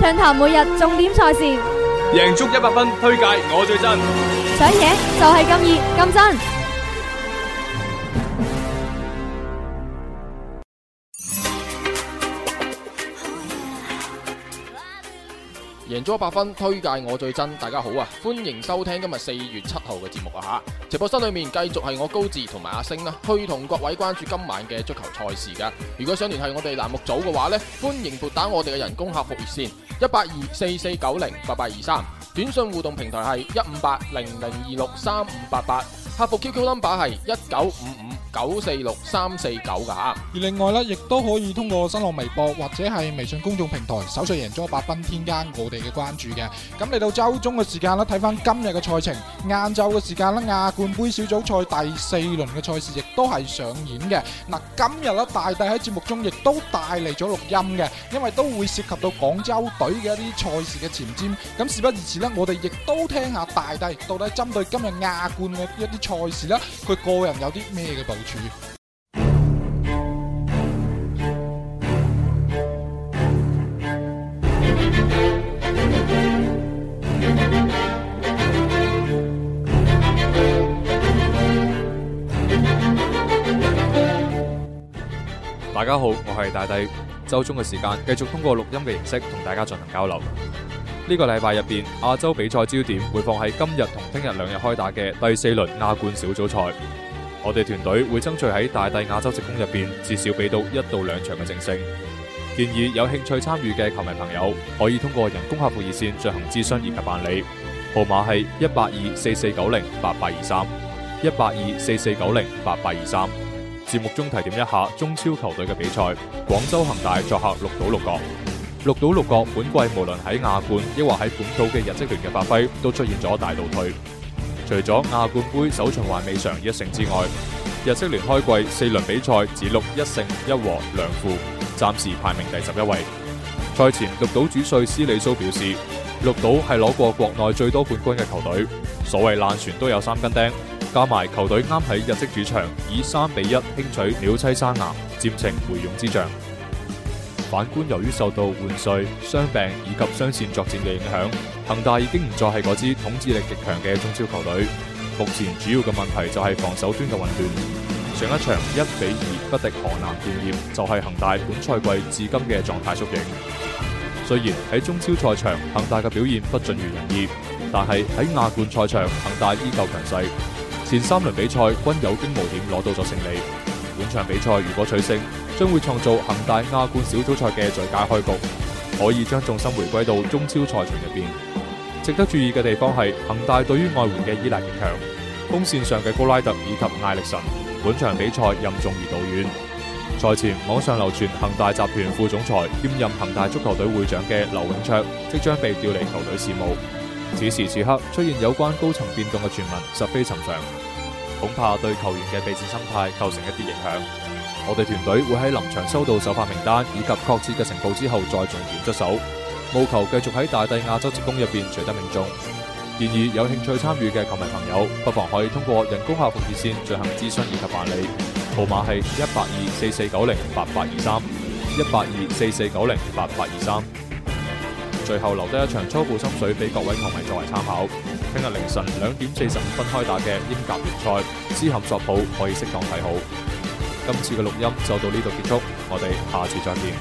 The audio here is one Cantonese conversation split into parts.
暢談每日重點賽事，贏足一百分，推介我最真，想贏就係咁易咁真。贏足 100FUN，推介我最真。大家好啊，歡迎收聽今日四月七號嘅節目啊吓！直播室裏面繼續係我高志同埋阿星啦、啊，去同各位關注今晚嘅足球賽事噶。如果想聯繫我哋欄目組嘅話呢，歡迎撥打我哋嘅人工客服熱線一八二四四九零八八二三，23, 短信互動平台係一五八零零二六三五八八，88, 客服 QQ number 係一九五五。九四六三四九噶，而另外咧，亦都可以通過新浪微博或者係微信公眾平台搜索贏足 100FUN 添加我哋嘅關注嘅。咁嚟到周中嘅時間咧，睇翻今日嘅賽程，晏晝嘅時間咧，亞冠盃小組賽第四輪嘅賽事亦都係上演嘅。嗱，今日咧，大帝喺節目中亦都帶嚟咗錄音嘅，因為都會涉及到廣州隊嘅一啲賽事嘅前瞻。咁事不宜遲咧，我哋亦都聽下大帝到底針對今日亞冠嘅一啲賽事咧，佢個人有啲咩嘅報？大家好，我係大帝，周中嘅時間繼續通過錄音嘅形式同大家進行交流。呢個禮拜入邊，亞洲比賽焦點會放喺今日同聽日兩日開打嘅第四輪亞冠小組賽。我哋團隊會爭取喺大帝亞洲直攻入邊至少俾到一到兩場嘅正勝。建議有興趣參與嘅球迷朋友可以通過人工客服熱線進行諮詢以及辦理，號碼係一八二四四九零八八二三一八二四四九零八八二三。節目中提點一下中超球隊嘅比賽，廣州恒大作客鹿島鹿角，鹿島鹿角本季無論喺亞冠抑或喺本土嘅日職聯嘅發揮都出現咗大倒退。除咗亞冠杯首場還未嘗一勝之外，日職聯開季四輪比賽只錄一勝一和兩負，暫時排名第十一位。賽前鹿島主帥斯里蘇表示：鹿島係攞過國內最多冠軍嘅球隊，所謂爛船都有三根釘，加埋球隊啱喺日職主場以三比一輕取鳥棲沙岩，漸成回勇之象。反觀，由於受到換帥、傷病以及雙線作戰嘅影響，恒大已經唔再係嗰支統治力極強嘅中超球隊。目前主要嘅問題就係防守端嘅混亂。上一場一比二不敵河南建業，就係恒大本賽季至今嘅狀態縮影。雖然喺中超賽場恒大嘅表現不盡如人意，但係喺亞冠賽場恒大依舊強勢，前三輪比賽均有驚無險攞到咗勝利。本場比賽如果取勝，將會創造恒大亞冠小組賽嘅最佳開局，可以將重心回歸到中超賽場入邊。值得注意嘅地方係恒大對於外援嘅依賴極強，鋒線上嘅高拉特以及艾力神，本場比賽任重而道遠。賽前網上流傳恒大集團副總裁兼任恒大足球隊會長嘅劉永灼即將被調離球隊事務，此時此刻出現有關高層變動嘅傳聞，實非尋常，恐怕對球員嘅備戰心態構成一啲影響。我哋團隊會喺臨場收到首發名單以及確切嘅情報之後再重點出手，務求繼續喺大帝亞洲職工入邊取得命中。然而有興趣參與嘅球迷朋友，不妨可以通過人工客服熱線進行諮詢以及辦理，號碼係一八二四四九零八八二三一八二四四九零八八二三。最後留低一場初步心水俾各位球迷作為參考，聽日凌晨兩點四十五分開打嘅英甲聯賽，詩坎索普可以適當睇好。今次嘅錄音就到呢度結束，我哋下次再見。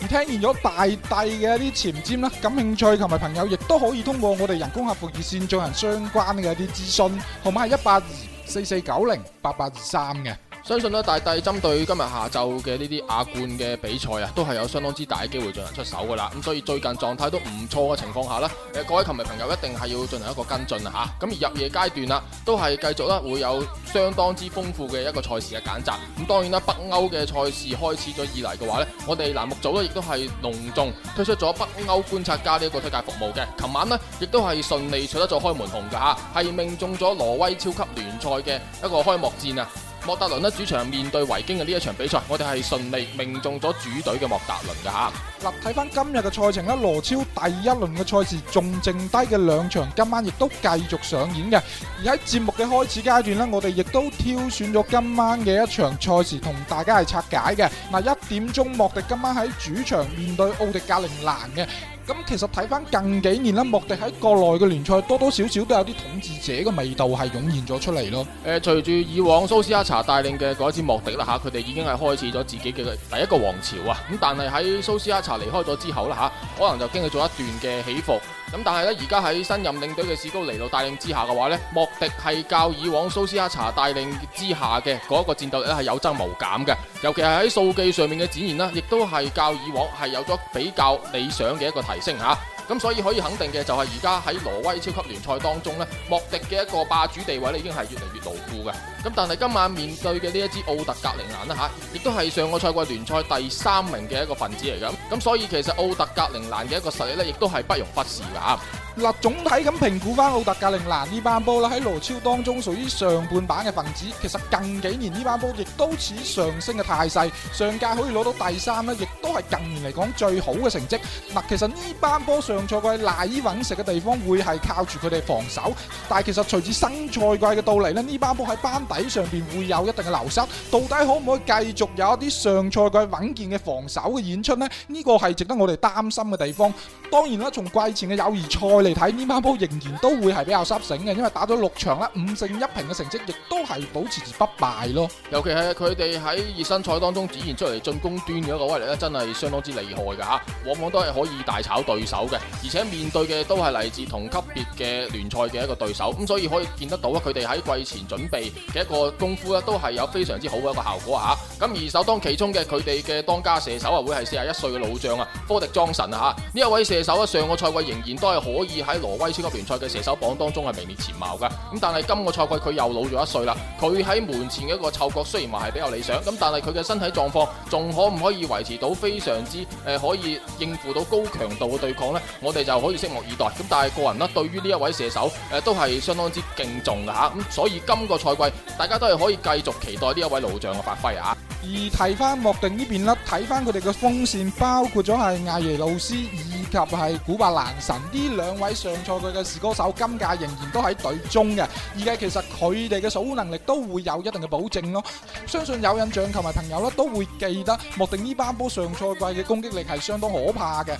咁聽完咗大帝嘅一啲前瞻啦，感興趣同埋朋友亦都可以通過我哋人工客服熱線進行相關嘅一啲諮詢，號碼係一八二四四九零八八二三嘅。相信咧，大帝針對今日下晝嘅呢啲亞冠嘅比賽啊，都係有相當之大嘅機會進行出手噶啦。咁所以最近狀態都唔錯嘅情況下啦，誒各位球迷朋友一定係要進行一個跟進啊！嚇咁而入夜階段啦，都係繼續咧會有相當之豐富嘅一個賽事嘅揀擇。咁當然啦，北歐嘅賽事開始咗以嚟嘅話咧，我哋欄目組咧亦都係隆重推出咗北歐觀察家呢一個推介服務嘅。琴晚咧亦都係順利取得咗開門紅噶嚇，係命中咗挪威超級聯賽嘅一個開幕戰啊！莫特倫喺主場面對維京嘅呢一場比賽，我哋係順利命中咗主隊嘅莫特倫嘅吓。嗱，睇翻今日嘅賽程啦，羅超第一輪嘅賽事仲剩低嘅兩場，今晚亦都繼續上演嘅。而喺節目嘅開始階段呢，我哋亦都挑選咗今晚嘅一場賽事同大家係拆解嘅。嗱，一點鐘，莫迪今晚喺主場面對奧迪格陵蘭嘅。咁其實睇翻近幾年啦，莫迪喺國內嘅聯賽多多少少都有啲統治者嘅味道係湧現咗出嚟咯。誒、呃，隨住以往蘇斯亞查帶領嘅嗰一支莫迪啦吓，佢哋已經係開始咗自己嘅第一個王朝啊。咁但係喺蘇斯亞查離開咗之後啦吓，可能就經歷咗一段嘅起伏。咁但係咧，而家喺新任領隊嘅士高尼路帶領之下嘅話咧，莫迪係較以往蘇斯哈查帶領之下嘅嗰個戰鬥力咧係有增無減嘅，尤其係喺數據上面嘅展現呢，亦都係較以往係有咗比較理想嘅一個提升吓。咁所以可以肯定嘅就係而家喺挪威超級聯賽當中呢，莫迪嘅一個霸主地位呢已經係越嚟越牢固嘅。咁但係今晚面對嘅呢一支奧特格陵蘭啦吓，亦都係上個賽季聯賽第三名嘅一個分子嚟咁。咁所以其實奧特格陵蘭嘅一個實力呢亦都係不容忽視噶。嗱，總體咁評估翻奧特格令拿呢班波啦，喺挪超當中屬於上半版嘅分子，其實近幾年呢班波亦都似上升嘅態勢，上屆可以攞到第三咧，亦都係近年嚟講最好嘅成績。嗱，其實呢班波上賽季賴以搵食嘅地方會係靠住佢哋防守，但係其實隨住新賽季嘅到嚟咧，呢班波喺班底上邊會有一定嘅流失，到底可唔可以繼續有一啲上賽季穩健嘅防守嘅演出咧？呢個係值得我哋擔心嘅地方。當然啦，從季前嘅友誼賽，嚟睇呢班波仍然都會係比較濕醒嘅，因為打咗六場啦，五勝一平嘅成績亦都係保持住不敗咯。尤其係佢哋喺熱身賽當中展現出嚟進攻端嘅一個威力咧，真係相當之厲害嘅吓，往往都係可以大炒對手嘅，而且面對嘅都係嚟自同級別嘅聯賽嘅一個對手。咁、嗯、所以可以見得到啊，佢哋喺季前準備嘅一個功夫咧，都係有非常之好嘅一個效果吓。咁、啊、而首當其沖嘅，佢哋嘅當家射手啊，會係四十一歲嘅老將啊，科迪莊臣啊吓，呢一位射手啊，上個賽季仍然都係可以。而喺挪威超級聯賽嘅射手榜當中係名列前茅噶，咁但係今個賽季佢又老咗一歲啦。佢喺門前嘅一個嗅覺雖然話係比較理想，咁但係佢嘅身體狀況仲可唔可以維持到非常之誒可以應付到高強度嘅對抗咧？我哋就可以拭目以待。咁但係個人咧，對於呢一位射手誒都係相當之敬重嘅吓，咁所以今個賽季大家都係可以繼續期待呢一位老將嘅發揮啊！而睇翻莫定呢邊啦，睇翻佢哋嘅鋒線，包括咗係亞耶路斯以及係古巴男神呢兩位上賽季嘅士歌手，今屆仍然都喺隊中嘅。而家其實佢哋嘅數攻能力都會有一定嘅保證咯。相信有印象球迷朋友啦，都會記得莫定呢班波上賽季嘅攻擊力係相當可怕嘅，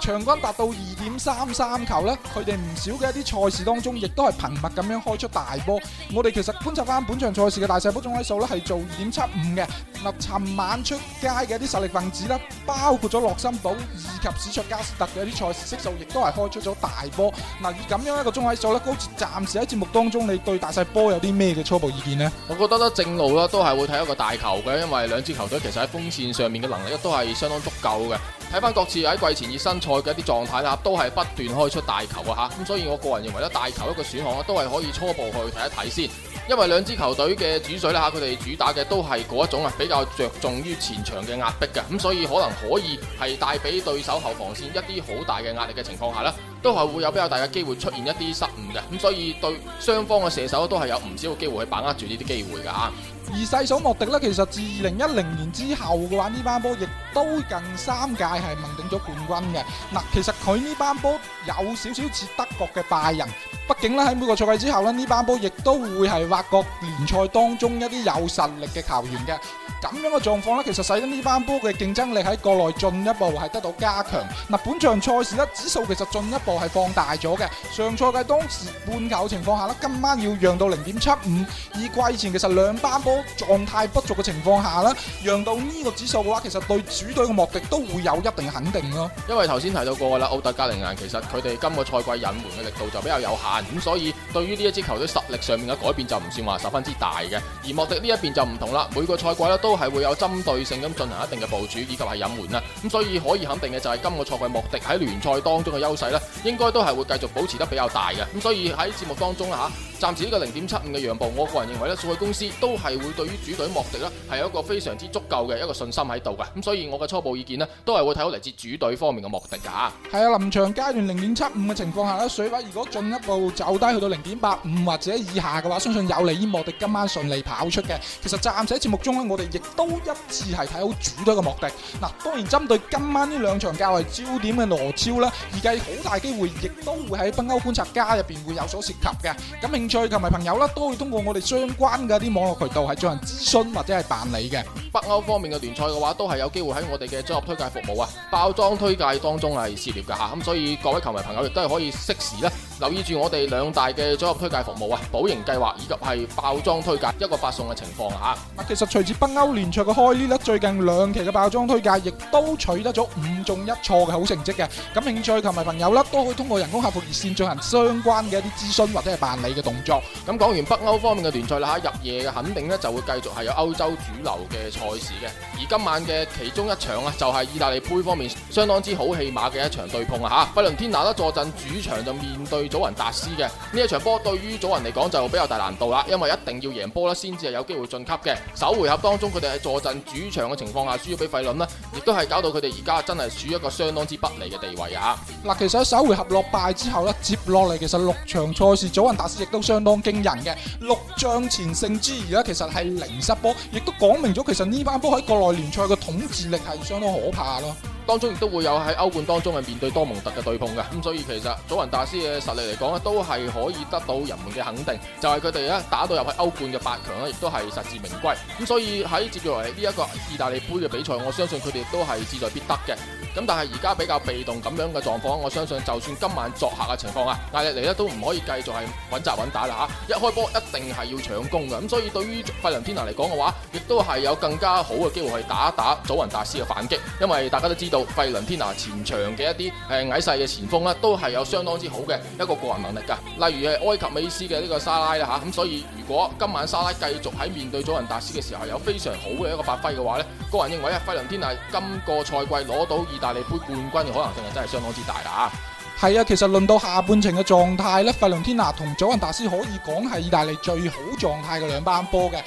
場均達到二點三三球呢，佢哋唔少嘅一啲賽事當中，亦都係頻密咁樣開出大波。我哋其實觀察翻本場賽事嘅大細波總開數呢係做二點七五嘅。嗱，尋晚出街嘅一啲實力分子啦，包括咗洛森堡以及史卓加斯特嘅一啲賽事悉數，亦都係開出咗大波。嗱，咁樣一個中位數咧，高志暫時喺節目當中，你對大細波有啲咩嘅初步意見呢？我覺得咧，正路啦，都係會睇一個大球嘅，因為兩支球隊其實喺鋒線上面嘅能力都係相當足夠嘅。睇翻各自喺季前熱身賽嘅一啲狀態啦，都係不斷開出大球嘅嚇。咁所以我個人認為咧，大球一個選項啦，都係可以初步去睇一睇先。因為兩支球隊嘅主水咧吓，佢哋主打嘅都係嗰一種啊，比較着重於前場嘅壓迫嘅，咁所以可能可以係帶俾對手後防線一啲好大嘅壓力嘅情況下咧，都係會有比較大嘅機會出現一啲失誤嘅，咁所以對雙方嘅射手都係有唔少嘅機會去把握住呢啲機會噶吓。而細數莫迪呢，其實自二零一零年之後嘅話，呢班波亦都近三屆係問鼎咗冠軍嘅。嗱，其實佢呢班波有少少似德國嘅拜仁。畢竟咧喺每個賽季之後咧，呢班波亦都會係挖掘聯賽當中一啲有實力嘅球員嘅咁樣嘅狀況呢，其實使得呢班波嘅競爭力喺國內進一步係得到加強。嗱，本場賽事呢，指數其實進一步係放大咗嘅。上賽季當時半球情況下呢，今晚要讓到零點七五。而季前其實兩班波狀態不俗嘅情況下呢，讓到呢個指數嘅話，其實對主隊嘅莫迪都會有一定嘅肯定咯。因為頭先提到過啦，奧特加利亞、啊、其實佢哋今個賽季隱瞞嘅力度就比較有限，咁所以對於呢一支球隊實力上面嘅改變就唔算話十分之大嘅。而莫迪呢一邊就唔同啦，每個賽季呢都。都係會有針對性咁進行一定嘅部署以及係隱瞞啦，咁所以可以肯定嘅就係今個賽季莫迪喺聯賽當中嘅優勢呢，應該都係會繼續保持得比較大嘅，咁所以喺節目當中啦吓。啊暫時呢個零點七五嘅讓步，我個人認為咧，賽馬公司都係會對於主隊莫迪呢，係有一個非常之足夠嘅一個信心喺度嘅，咁所以我嘅初步意見呢，都係會睇好嚟自主隊方面嘅莫迪噶嚇。係啊，臨場階段零點七五嘅情況下呢，水位如果進一步走低去到零點八五或者以下嘅話，相信有利於莫迪今晚順利跑出嘅。其實暫時喺節目中呢，我哋亦都一致係睇好主隊嘅莫迪。嗱，當然針對今晚呢兩場較為焦點嘅挪超啦，預計好大機會亦都會喺北歐觀察家入邊會有所涉及嘅。咁賽球迷朋友啦，都會通過我哋相關嘅啲網絡渠道係進行諮詢或者係辦理嘅。北歐方面嘅聯賽嘅話，都係有機會喺我哋嘅綜合推介服務啊，包裝推介當中係涉獵嘅吓。咁所以各位球迷朋友亦都係可以適時咧。留意住我哋兩大嘅組合推介服務啊，保營計劃以及係爆裝推介一個發送嘅情況啊！其實隨住北歐聯賽嘅開鑼，最近兩期嘅爆裝推介亦都取得咗五中一錯嘅好成績嘅。感興趣同埋朋友都可以通過人工客服熱線進行相關嘅一啲諮詢或者係辦理嘅動作。咁講完北歐方面嘅聯賽啦，入夜嘅肯定呢就會繼續係有歐洲主流嘅賽事嘅。而今晚嘅其中一場啊，就係、是、意大利杯方面相當之好戲碼嘅一場對碰啊！嚇，費倫天拿坐鎮主場就面對。祖雲達斯嘅呢一場波，對於祖雲嚟講就比較大難度啦，因為一定要贏波咧，先至係有機會晉級嘅。首回合當中，佢哋係坐鎮主場嘅情況下輸，輸咗俾費倫啦，亦都係搞到佢哋而家真係處於一個相當之不利嘅地位啊！嗱，其實喺首回合落敗之後呢，接落嚟其實六場賽事，祖雲達斯亦都相當驚人嘅，六仗全勝之餘呢，其實係零失波，亦都講明咗其實呢班波喺國內聯賽嘅統治力係相當可怕咯。當中亦都會有喺歐冠當中啊面對多蒙特嘅對碰嘅，咁所以其實祖雲達斯嘅實力嚟講，都係可以得到人們嘅肯定。就係佢哋咧打到入去歐冠嘅八強咧，亦都係實至名歸。咁所以喺接住嚟呢一個意大利杯嘅比賽，我相信佢哋都係志在必得嘅。咁但係而家比較被動咁樣嘅狀況，我相信就算今晚作客嘅情況啊，壓力嚟咧都唔可以繼續係穩紮穩打啦嚇。一開波一定係要搶攻嘅。咁所以對於費倫天拿嚟講嘅話，亦都係有更加好嘅機會去打一打祖雲達斯嘅反擊，因為大家都知道。費倫天拿前場嘅一啲誒，矮細嘅前鋒呢都係有相當之好嘅一個個人能力噶。例如係埃及美斯嘅呢個沙拉啦吓，咁、啊、所以如果今晚沙拉繼續喺面對祖雲達斯嘅時候有非常好嘅一個發揮嘅話呢，個人認為啊費倫天拿今個賽季攞到意大利杯冠軍嘅可能性係真係相當之大啦啊！係啊，其實輪到下半程嘅狀態呢，費倫天拿同祖雲達斯可以講係意大利最好狀態嘅兩班波嘅。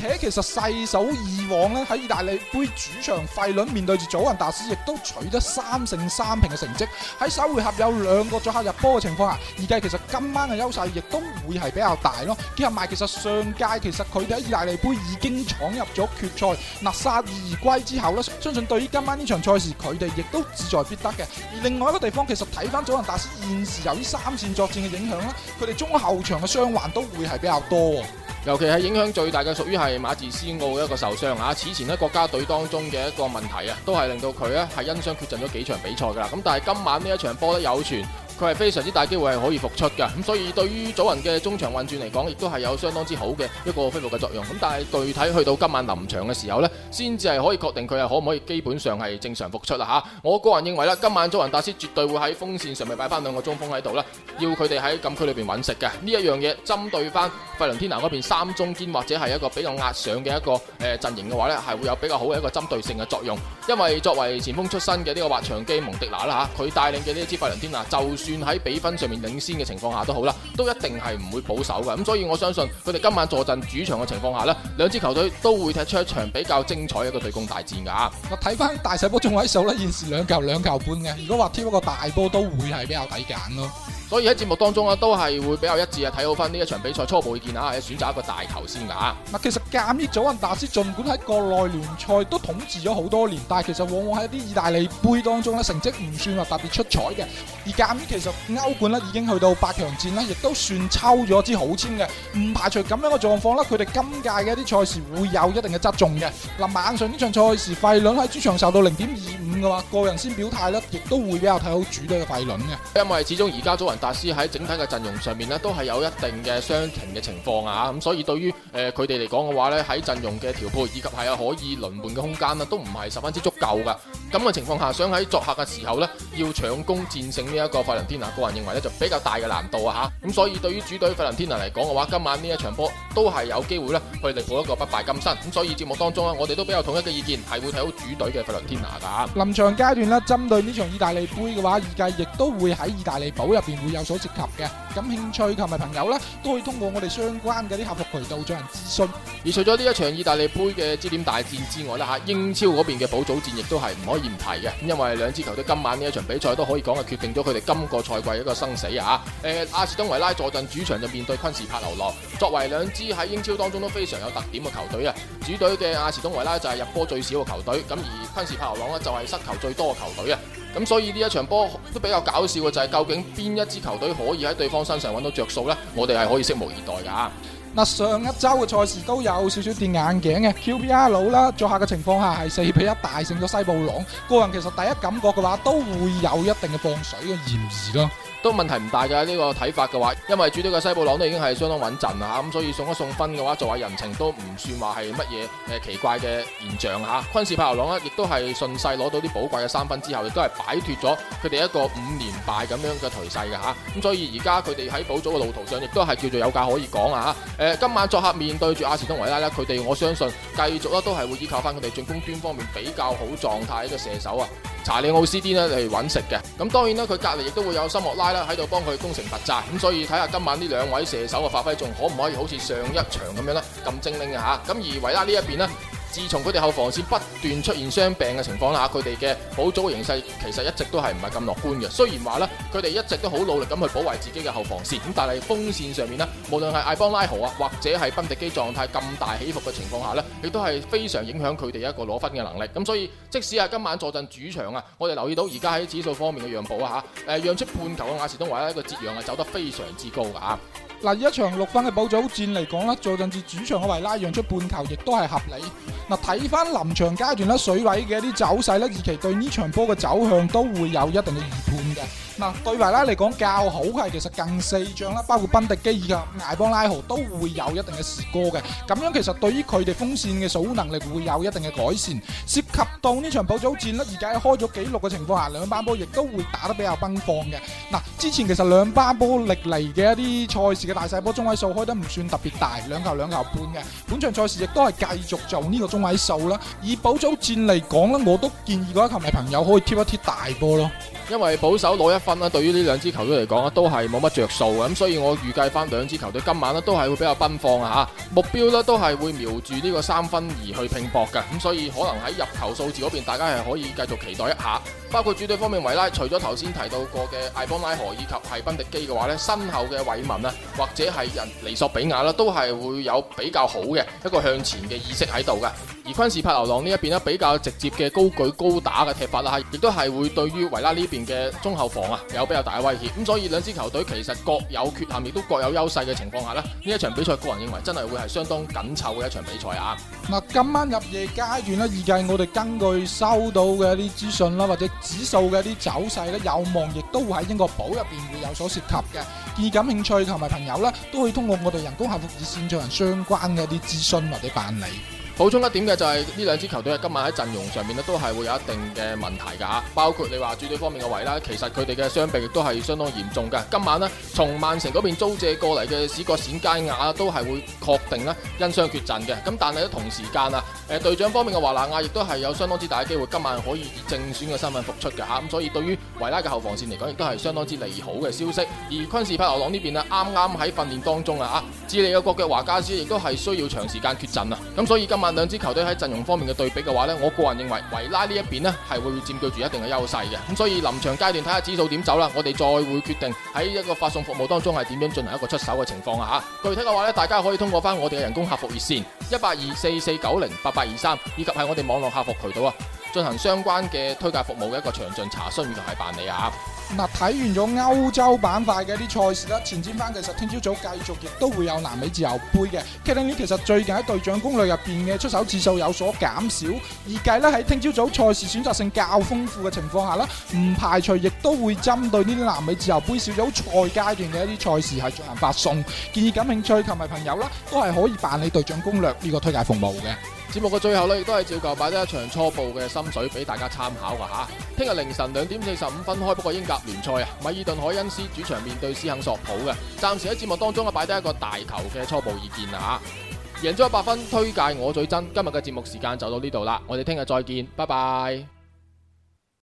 且其實細數以往咧，喺意大利杯主場費倫面對住祖雲達斯，亦都取得三勝三平嘅成績。喺首回合有兩個作客入波嘅情況下，而家其實今晚嘅優勢亦都會係比較大咯。結合埋其實上屆其實佢哋喺意大利杯已經闖入咗決賽，納沙二歸之後咧，相信對於今晚呢場賽事佢哋亦都志在必得嘅。而另外一個地方其實睇翻祖雲達斯現時由於三線作戰嘅影響咧，佢哋中後場嘅傷患都會係比較多，尤其係影響最大嘅屬於係。係馬自斯奧一個受傷啊，此前喺國家隊當中嘅一個問題啊，都係令到佢咧係因傷缺陣咗幾場比賽噶啦。咁但係今晚呢一場波得有傳。佢係非常之大機會係可以復出嘅，咁所以對於祖雲嘅中場運轉嚟講，亦都係有相當之好嘅一個恢復嘅作用。咁但係具體去到今晚臨場嘅時候呢，先至係可以確定佢係可唔可以基本上係正常復出啦嚇。我個人認為呢，今晚祖雲達斯絕對會喺鋒線上面擺翻兩個中鋒喺度啦，要佢哋喺禁區裏邊揾食嘅。呢一樣嘢針對翻費倫天拿嗰邊三中堅或者係一個比較壓上嘅一個誒陣型嘅話呢，係會有比較好嘅一個針對性嘅作用。因為作為前鋒出身嘅呢個滑翔機蒙迪拿啦嚇，佢帶領嘅呢一支費倫天拿就算算喺比分上面領先嘅情況下都好啦，都一定係唔會保守嘅，咁所以我相信佢哋今晚坐鎮主場嘅情況下呢，兩支球隊都會踢出一場比較精彩嘅一個對攻大戰噶吓。我睇翻大細波中位數咧，現時兩球兩球半嘅，如果話挑一個大波都會係比較抵揀咯。所以喺節目當中啊，都係會比較一致啊，睇好翻呢一場比賽初步意見啊，選擇一個大球先噶，啊。嗱，其實鑒於，祖雲達斯盡管喺國內聯賽都統治咗好多年，但係其實往往喺啲意大利杯當中咧，成績唔算話特別出彩嘅。而鑒於，其實歐冠咧已經去到八強戰咧，亦都算抽咗支好簽嘅，唔排除咁樣嘅狀況啦。佢哋今屆嘅一啲賽事會有一定嘅側重嘅。嗱，啊，晚上呢場賽事費輪喺主場受到零點二五嘅話，個人先表態咧，亦都會比較睇好主隊嘅費輪嘅，因為始終而家達師喺整體嘅陣容上面咧，都係有一定嘅傷停嘅情況啊，咁所以對於誒佢哋嚟講嘅話咧，喺陣容嘅調配以及係有可以輪換嘅空間啊，都唔係十分之足夠噶。咁嘅情況下，想喺作客嘅時候呢，要搶攻戰勝呢一個法倫天拿，個人認為呢就比較大嘅難度啊！嚇、嗯，咁所以對於主隊法倫天拿嚟講嘅話，今晚呢一場波都係有機會呢去力保一個不敗金身。咁、嗯、所以節目當中呢，我哋都比較統一嘅意見係會睇好主隊嘅法倫天拿噶。臨場階段呢，針對呢場意大利杯嘅話，預計亦都會喺意大利堡入面會有所涉及嘅。咁興趣同埋朋友呢，都可以通過我哋相關嘅啲客服渠道進行諮詢。而除咗呢一場意大利杯嘅焦點大戰之外呢，英超嗰邊嘅保組戰亦都係唔可以唔提嘅，因為兩支球隊今晚呢一場比賽都可以講係決定咗佢哋今個賽季一個生死啊。誒、呃，阿士東維拉坐鎮主場就面對昆士柏流浪，作為兩支喺英超當中都非常有特點嘅球隊啊。主隊嘅阿士東維拉就係入波最少嘅球隊，咁而昆士柏流浪呢就係失球最多嘅球隊啊。咁所以呢一場波都比較搞笑嘅就係、是、究竟邊一支球隊可以喺對方身上揾到着數呢？我哋係可以拭目以待噶、啊。嗱，上一周嘅賽事都有少少跌眼鏡嘅，QPR 佬啦，作客嘅情況下係四比一大勝咗西布朗。個人其實第一感覺嘅話，都會有一定嘅放水嘅嫌疑咯。都問題唔大㗎，呢、這個睇法嘅話，因為主隊嘅西布朗都已經係相當穩陣啦，咁所以送一送分嘅話，作為人情都唔算話係乜嘢誒奇怪嘅現象嚇。昆士柏流浪咧，亦都係順勢攞到啲寶貴嘅三分之後，亦都係擺脱咗佢哋一個五連敗咁樣嘅頹勢嘅嚇。咁所以而家佢哋喺保組嘅路途上，亦都係叫做有價可以講啊嚇。誒、呃，今晚作客面對住阿士東維拉咧，佢哋我相信繼續咧都係會依靠翻佢哋進攻端方面比較好狀態嘅射手啊，查理奧斯丁咧嚟揾食嘅。咁當然啦，佢隔離亦都會有森莫拉。喺度幫佢攻城拔寨，咁所以睇下今晚呢兩位射手嘅發揮仲可唔可以好似上一場咁樣咧咁精靈啊吓，咁而維拉呢一邊咧？自從佢哋後防線不斷出現傷病嘅情況下，佢哋嘅保組形勢其實一直都係唔係咁樂觀嘅。雖然話呢，佢哋一直都好努力咁去保衛自己嘅後防線，咁但係鋒線上面呢，無論係艾邦拉豪啊，或者係賓迪基狀態咁大起伏嘅情況下呢，亦都係非常影響佢哋一個攞分嘅能力。咁所以即使係今晚坐陣主場啊，我哋留意到而家喺指數方面嘅讓步啊，吓，誒，讓出半球嘅亞士東維一個折讓啊，走得非常之高啊。嗱，一場六分嘅保組戰嚟講啦，坐陣住主場嘅維拉讓出半球亦都係合理。睇翻臨場階段咧，水位嘅一啲走勢呢，尤其對呢場波嘅走向都會有一定嘅預判嘅。嗱、啊，對維拉嚟講較好係，其實近四仗啦，包括賓迪基以及艾邦拉豪都會有一定嘅試過嘅。咁樣其實對於佢哋鋒線嘅守能力會有一定嘅改善。涉及到呢場普早戰咧，而家開咗紀錄嘅情況下，兩班波亦都會打得比較奔放嘅。嗱、啊，之前其實兩班波歷嚟嘅一啲賽事嘅大細波中位數開得唔算特別大，兩球兩球半嘅。本場賽事亦都係繼續做呢、這個。位數啦，以保組戰嚟講咧，我都建議嗰啲球迷朋友可以挑一挑大波咯。因為保守攞一分啦，對於呢兩支球隊嚟講啊，都係冇乜着數嘅。咁所以，我預計翻兩支球隊今晚咧都係會比較奔放吓，目標咧都係會瞄住呢個三分而去拼搏嘅。咁所以，可能喺入球數字嗰邊，大家係可以繼續期待一下。包括主隊方面為，維拉除咗頭先提到過嘅艾波拉河以及係賓迪基嘅話呢，身後嘅韋文啦，或者係人尼索比亞啦，都係會有比較好嘅一個向前嘅意識喺度嘅。而昆士柏流浪呢一邊咧比較直接嘅高舉高打嘅踢法啦，亦都係會對於維拉呢邊嘅中後防啊有比較大嘅威脅。咁所以兩支球隊其實各有缺陷，亦都各有優勢嘅情況下咧，呢一場比賽個人認為真係會係相當緊湊嘅一場比賽啊！嗱，今晚入夜階段呢，預計我哋根據收到嘅一啲資訊啦，或者指數嘅一啲走勢咧，有望亦都會喺英國寶入邊會有所涉及嘅。建議感興趣球迷朋友呢，都可以通過我哋人工客服熱線進行相關嘅一啲諮詢或者辦理。補充一點嘅就係呢兩支球隊喺今晚喺陣容上面咧都係會有一定嘅問題噶，包括你話主隊方面嘅維拉，其實佢哋嘅傷病亦都係相當嚴重噶。今晚呢，從曼城嗰邊租借過嚟嘅史葛閃加亞都係會確定咧因傷缺陣嘅。咁但係咧同時間啊，誒、呃、隊長方面嘅華蘭亞亦都係有相當之大嘅機會今晚可以以正選嘅身份復出嘅吓。咁、啊、所以對於維拉嘅後防線嚟講，亦都係相當之利好嘅消息。而昆士柏流浪呢邊呢，啱啱喺訓練當中啊，智利嘅國腳華加斯亦都係需要長時間缺陣啊。咁所以今。萬兩支球隊喺陣容方面嘅對比嘅話呢，我個人認為維拉呢一邊呢係會佔據住一定嘅優勢嘅，咁所以臨場階段睇下指數點走啦，我哋再會決定喺一個發送服務當中係點樣進行一個出手嘅情況啊吓。具體嘅話呢，大家可以通過翻我哋嘅人工客服熱線一八二四四九零八八二三，23，以及係我哋網絡客服渠道啊，進行相關嘅推介服務嘅一個詳盡查詢同埋辦理啊。嗱，睇完咗歐洲板塊嘅啲賽事啦，前瞻翻其實聽朝早繼續亦都會有南美自由杯嘅。Kenny 其實最近喺隊長攻略入邊嘅出手次數有所減少，預計咧喺聽朝早賽事選擇性較豐富嘅情況下啦，唔排除亦都會針對呢啲南美自由杯小組賽階段嘅一啲賽事係進行發送，建議感興趣球迷朋友啦，都係可以辦理隊長攻略呢個推介服務嘅。節目嘅最後呢，亦都係照舊擺低一場初步嘅心水俾大家參考噶吓。聽日凌晨兩點四十五分開波嘅英甲聯賽啊，米爾頓凱恩斯主場面對斯肯索普嘅，暫時喺節目當中啊擺低一個大球嘅初步意見啦吓。贏咗一百分，推介我最真。今日嘅節目時間就到呢度啦，我哋聽日再見，拜拜。